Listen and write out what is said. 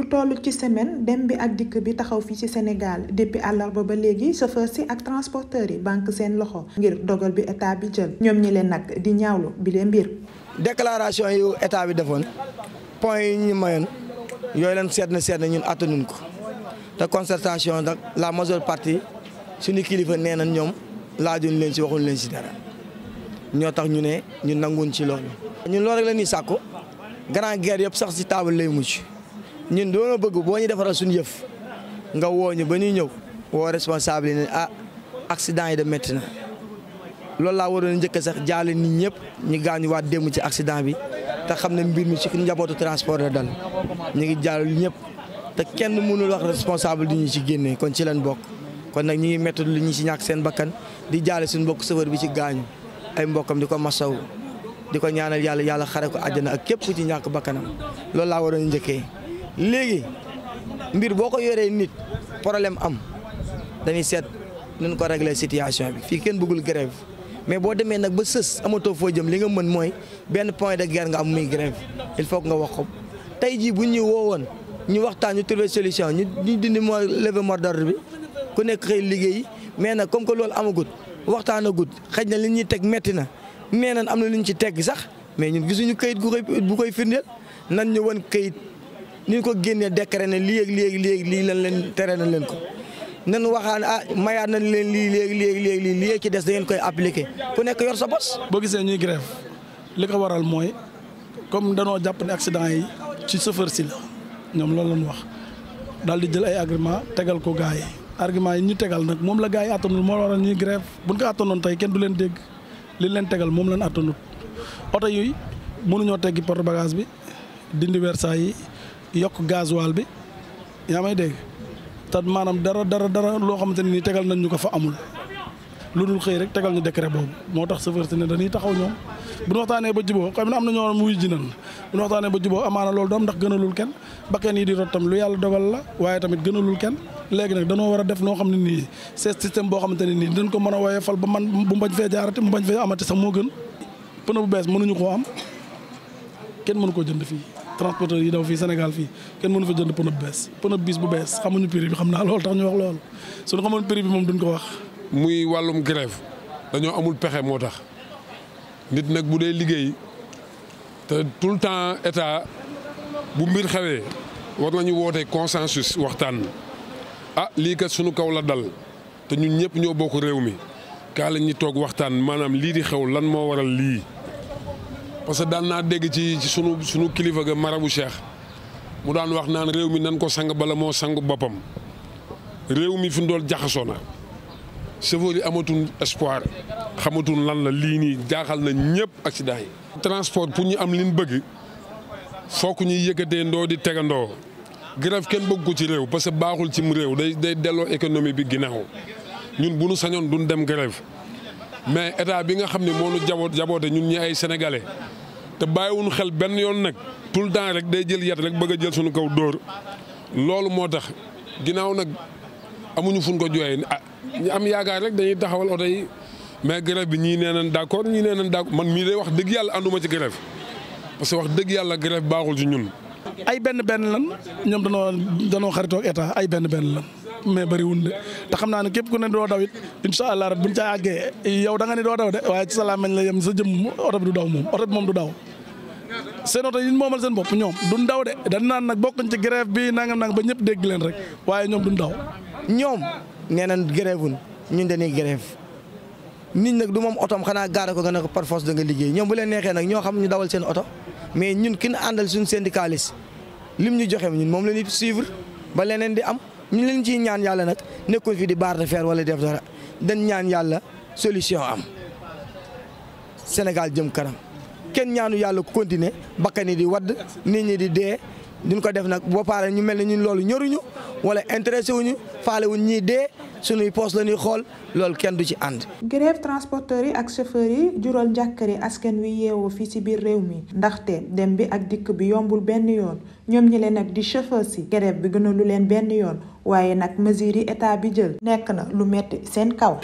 lu toll ci semaine dem bi ak dikk bi taxaw fii ci Sénégal depuis àllarba ba léegi chauffeur si ak transporteur yi banque seen loxo ngir dogal bi état bi jël ñoom ñi leen nag di ñaawlu bi leen mbir. déclaration yu état bi defoon point yi ñu mayoon yooyu leen seet na seet na ñun attanuñ ko te concertation nag la majeure partie suñu kilifa nee na ñoom laajuñ leen si waxuñ leen si dara ñoo tax ñu ne ñu nanguñ ci loolu. ñun loolu rek la ñuy sàkku grand guerre yëpp sax si table lay mucc. ñun na bëgg bo ñu defaral suñu yëf nga woñu ba ñuy ñëw wo responsable ni ah accident yi de metti na loolu laa waroon njëkk sax jaale nit ñëpp ñi gañu waat dem ci accident bi ta xamna mbir mi ci njabootu transport la dal ñi ngi jaal ñëpp ta kenn mënul wax responsable di ñu ci génné kon ci leen bok kon nak ñi ngi metti lu ñi ci ñak seen bakkan di jaale suñu mbokk sëwër bi ci gañu ay mbokam di massaw diko ñaanal yalla yalla xare ko àjjana ak ci ñak bakkanam loolu laa waroon léegi mbir boo ko yoree nit problème am dañuy seet nuñ ko régler situation bi fii kenn bëggul grève mais boo demee nag ba sës amatoo foo jëm li nga mën mooy benn point de guerre nga am muy grève il faut que nga wax ko tey jii bu ñu woowoon ñu waxtaan ñu trouver solution ñu ñu dindi moo lever mot d'ordre bi ku nekk xëy liggéey mais nag comme que loolu amagut waxtaan agut xëj na li ñuy teg metti na nee nan am na lu ñu ci teg sax mais ñu gisuñu kayit gu koy bu koy firndeel nan ñu won kayit. ni ko génnee décret ne lii ak lii ak lii lii lan leen tere na leen ko nan waxaan ah mayaat nañ leen lii léegi léegi léegi lii ci des da ngeen koy appliqué ku nekk yor sa bos. boo gisee ñuy grève li ko waral mooy comme danoo jàpp ne accident yi ci chauffeur si la ñoom loolu lañ wax daal di jël ay argument tegal ko gars yi argument yi ñu tegal nag moom la gars yi attanul moo waral ñuy grève buñ ko attanoon tey kenn du leen dégg li leen tegal moom lañ attanut oto yooyu mënuñoo teggi porte bagage bi dindi versailles yi. yokk gasoil bi yaa may dégg te maanaam dara dara dara loo xamante ne nii tegal nañ ñu ko fa amul lu dul xëy rek tegal nu décret boobu moo tax chauffeur si ne dañuy taxaw ñoom bu ñu waxtaanee ba juboo xam ne am na ñoo muy jinan bu ñu ba juboo amaana loolu doom ndax gënalul kenn bakkeen yi di rot tam lu yàlla dogal la waaye tamit kenn léegi nag danoo war a def noo xam ne nii c'est système boo xamante ne nii dañ ko mën a fal ba man bu mbañ fee jaarati mu bañ fee amati sax moo gën pneu bu bees mënuñu koo am kenn mënu koo jënd fii transporteur yi daw fii Sénégal fii kenn mënu fa jënd pneu bu bees pneu bis bu bees xamuñu prix bi xam naa loolu tax ñu wax loolu suñu xamoon prix bi moom duñ ko wax. muy wàllum grève dañoo amul pexe moo tax nit nag bu dee liggéey te tout le temps état bu mbir xewee war nañu woote consensus waxtaan ah lii kat suñu kaw la dal te ñun ñëpp ñoo bokk réew mi kaa la ñuy toog waxtaan maanaam lii di xew lan moo waral lii. parce que daan naa dégg ci ci sunu sunu kilifa ga marabu Cheikh mu daan wax naan réew mi nan ko sang bala moo sangu boppam réew mi fi mu doon jaxasoo na chauffeur yi amatuñ espoir xamatul lan la lii nii jaaxal na ñëpp accident transport pour ñu am li bëgg fokk ñuy yëkkatee ndoo di tegandoo grève kenn bëgg ko ci réew parce que baaxul ci réew day day delloo économie bi ginnaaw ñun bu nu sañoon duñ dem grève mais état bi nga xam ne moo nu jaboote ñun ñi ay sénégalais. te bàyyiwuñu xel benn yoon nag tout le temps rek day jël yat rek bëgg a jël suñu kaw dóor loolu moo tax ginnaaw nag amuñu fuñ ko jooyee ah ñu am yaakaar rek dañuy taxawal oto yi mais grève bi ñii nee nañ d'accord ñii nee nañ d'accord man mii day wax dëgg yàlla ànduma ci grève parce que wax dëgg yàlla grève baaxul ci ñun. ay benn benn lan ñoom danoo danoo xaritoog état ay benn benn lan mais bëriwul de te xam naa ne képp ku ne doo daw it incha allah rab buñ ca àggee yow da nga ne doo daw ci salaam lañ la yem sa jëm oto bi du daw oto moom du daw. seen oto yi ñu moomal seen bopp ñoom duñ daw de dañ naan nag bokkuñ ci grève bi nangam nangam ba ñëpp dégg leen rek waaye ñoom duñ daw. ñoom nee nañ grève wuñ ñun dañuy grève nit nag du moom otoom xanaa gaara ko nga ne ko par force da nga liggéey ñoom bu leen neexee nag ñoo xam ñu dawal seen oto mais ñun kin àndal suñu syndicaliste lim ñu joxe ñun moom la ñuy ba leneen di am ñu leen ciy ñaan yàlla nag nekkoon fi di barre de fer wala def dara dañ ñaan yàlla solution am Sénégal jëm kanam. kenn ñaanu yàlla ku continuer bakkan di wadd nit ñi di dee duñ ko def nag boo ñu mel na ñun loolu ñoruñu wala intéressé wuñu faale wuñ ñiy dee suñuy poos la ñuy xool loolu kenn du ci ànd. grève transporteurs yi ak chauffeurs yi jural njàkkare askan wi yeewoo fii ci biir réew mi ndaxte dem bi ak dikk bi yombul benn yoon ñoom ñi leen nag di chauffeur si grève bi gënalu leen benn yoon waaye nag mesures yi état bi jël nekk na lu metti seen kaw.